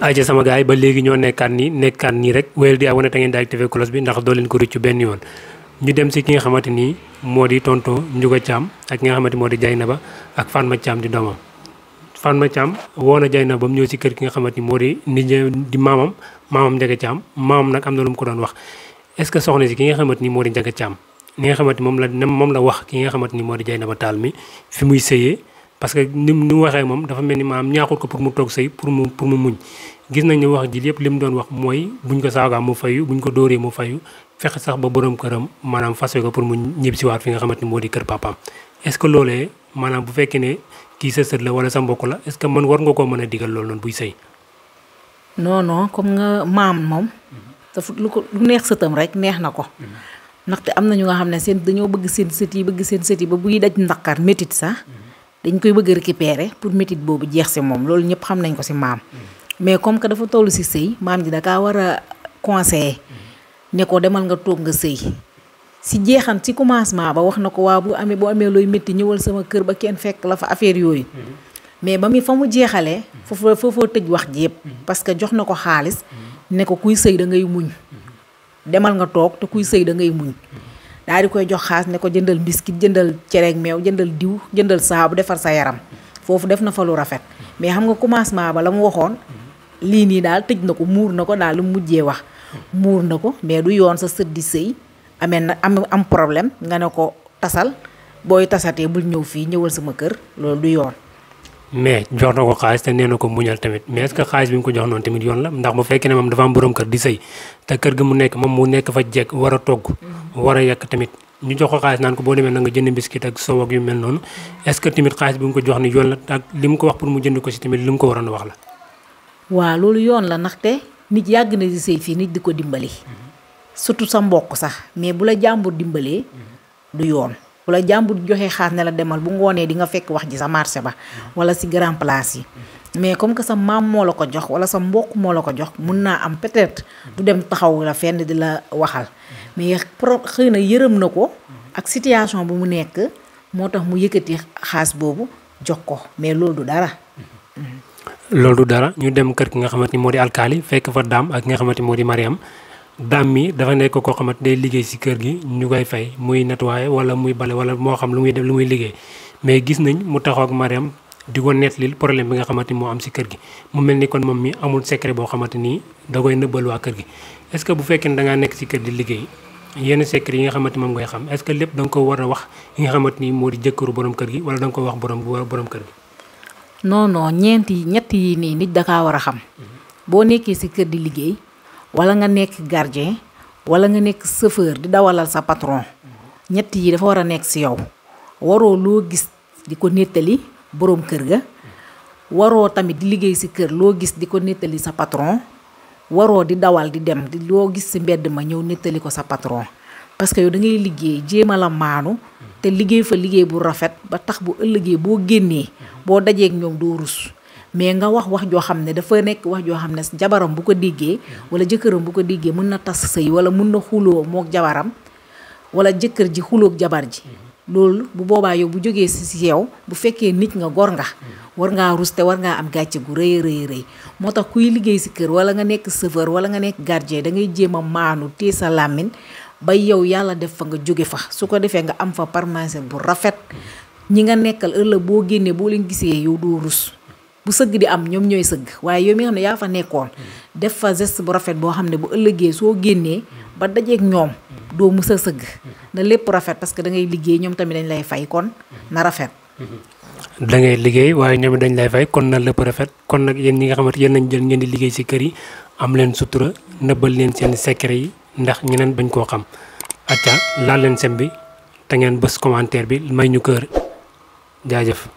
aja sama gars ba léegi ñoo nekkat ni nekkat ni rek wel di awone te ngeen di activé cloche bi ndax do leen ko rëccu ben yoon ñu dem ci ki nga xamanteni modi tonto Ndiouga cham ak nga xamanteni modi di Dieynaba ak ma cham di doma fan ma cham wona Dieynaba ba mu ci si kër ki nga modi ni di mamam mamam ndega cham mamam nak amna lu mu ko doon wax est ce soxna ci ki nga xamanteni ni ndega cham ni nga xamanteni mom la mom la wax ki nga xamanteni ni moo di Dieynaba mi fi muy seyé parce que ni mu waxee moom dafa mel ni maam ñaaxut ko pour mu toog sëy pour mu pour mu muñ gis nañ ne wax ji lépp li mu doon wax mooy buñ ko saagaa mu fayu buñ ko dóoree mu fayu fexe sax ba borom këram maanaam fas ko pour mu ñibbisiwaat fi nga xamante ni moo di kër papaam est-ce que loolee maanaam bu fekkee ne kii sa sët la wala sa mbokk la est-ce que man war nga koo mën a digal loolu noonu buy sëy non comme nga maam moom dafa lu ko lu neex sëtam rek neex na ko mhm. ndaxte am na ñu nga xam ne seen dañoo bëgg seen sët yi bëgg seen sët yi ba buy daj ndaqar sax mhm. dañ koy bëgg a récupérer pour métit boobu jeex si moom loolu ñëpp xam nañ ko si maam mais comme que dafa tollu si sëy maam ji dakaa war a conseiller ne ko demal nga toog nga sëy si jeexan si commencement ba wax na ko waa bu amee boo amee métti ñëwal sama kër ba kenn fekk la fa affaire yooyu mm-hmm. mais ba muy fa mu jeexalee foofu foofoo tëj wax ji yëpp mm-hmm. parce que jox na ko xaalis mm-hmm. ne ko kuy sëy da ngay muñ demal nga toog te kuy sëy da ngay muñ daal di koy jox xaas ne ko jëndal biscuit jëndal cereeg meew jëndal diw jëndal saabu defar sa yaram foofu def na fa lu rafet mais xam nga commencement ba la mu waxoon lii nii daal tëj na ko muur na ko daal lu mujjee wax muur na ko mais du yoon sa sët di sëy amee na am am problème nga ne ko tasal booy tasatee bul ñëw fii ñëwal sama kër loolu du yoon mais jox na ko xaalis te nee ko muñal tamit mais est xaalis bi mu ko jox noonu tamit yoon la ndax bu fekkee ne moom dafa am borom kër di sëy te kër gi mu nekk moom mu nekk fa jekk war a togg mm-hmm. war a yekk tamit ñu jox ko xaalis naan ko boo demee na nga jënd biskit ak soow ak yu mel noonu mm-hmm. est tamit xaalis bi mu ko jox ni yoon la ak li mu ko wax pour mu jënd ko si tamit li mu ko waroon wax la waaw loolu yoon la ndaxte nit yàgg na di sëy fii nit di wala jambu joxe xaar ne la demal bu ngone di nga fekk wax ji sa marché ba wala si grand place yi mais comme que sa mam mo la ko jox wala sa mbokk mo la ko jox mën na am peut-être du dem taxaw la fenn di la waxal mais pro yeureum na ak situation bu mu nek motax mu yëkëti xaas bobu jox ko mais du dara du dara ñu dem kër ki nga xamanteni modi alkali fekk fa dam ak nga xamanteni modi mariam dammi dafa nek ko xamante day liggey si kër gi ñu koy fay muy nettoyer wala muy balé wala mo xam lu muy def lu muy liggey mais gis nañ mu taxaw ak Mariam di ko problème bi nga xamanteni mo am ci kër gi mu melni kon mom mi amul secret bo xamanteni ni da koy neubal wa kër gi est ce que bu fekkene da nga nek si kër di liggey yene secret yi nga xamanteni moom ngoy xam est ce que lepp dang ko wara wax yi nga xamanteni ni di jëkkëru borom kër gi wala dang ko wax borom borom kër gi non non ñeent yi ñett yi nit da ka wara xam mhm. bo ci kër di liggey wala nga nekk gardien wala nga nekk chauffeur di dawalal sa patron ñett yi dafa wara a nekk si yow waroo loo gis di ko nettali borom kër ga waroo tamit di liggéey si kër loo gis di ko nettali sa patron waroo di dawal di dem di loo gis si mbedd ma ñëw nettali ko sa patron parce que yow da ngay liggéey jéema la maanu te liggéey fa liggéey bu rafet ba tax bu ëllëgee boo génnee boo dajeeg ñoom doo rus mais nga wax wax jo xamne ne dafa nek wax jo xamne jabaram bu ko diggé wala jëkkëram bu ko diggé mën na tas sey, wala mën na xuloo moog jabaram wala jëkër ji ak jabar ji lool bu boba yow bu jógee si yow bu féké nit nga gor nga war nga rusté war nga am gatché gu reey reey reey motax kuy liggéey ci kër wala nga nek serveur wala nga nek gardien da ngay jéma manu té sa lamine ba yow yalla def fa nga joggé fa su ko nga am fa permanence bu rafet ñi nga nekkal ëlë bo génné bo leen gisé yow do rus bu sëgg di am ñoom ñooy sëgg waaye yow mi xam ne yaa fa nekkoon def fa geste bu rafet boo xam ne bu ëllëgee soo génnee ba dajeek ñoom doo mus a sëgg na lépp rafet parce que da ngay liggéey ñoom tamit dañ lay fay kon rafet da liggéey waaye ñoom dañ lay fay kon na lépp rafet kon nag yéen ñi nga xamante yéen lañ jël ngeen di liggéey si kër yi am leen sutura nëbbal leen seen secret yi ndax ñeneen bañ koo xam acca laal leen sem bi te ngeen bës commentaire bi may ñu kër jaajëf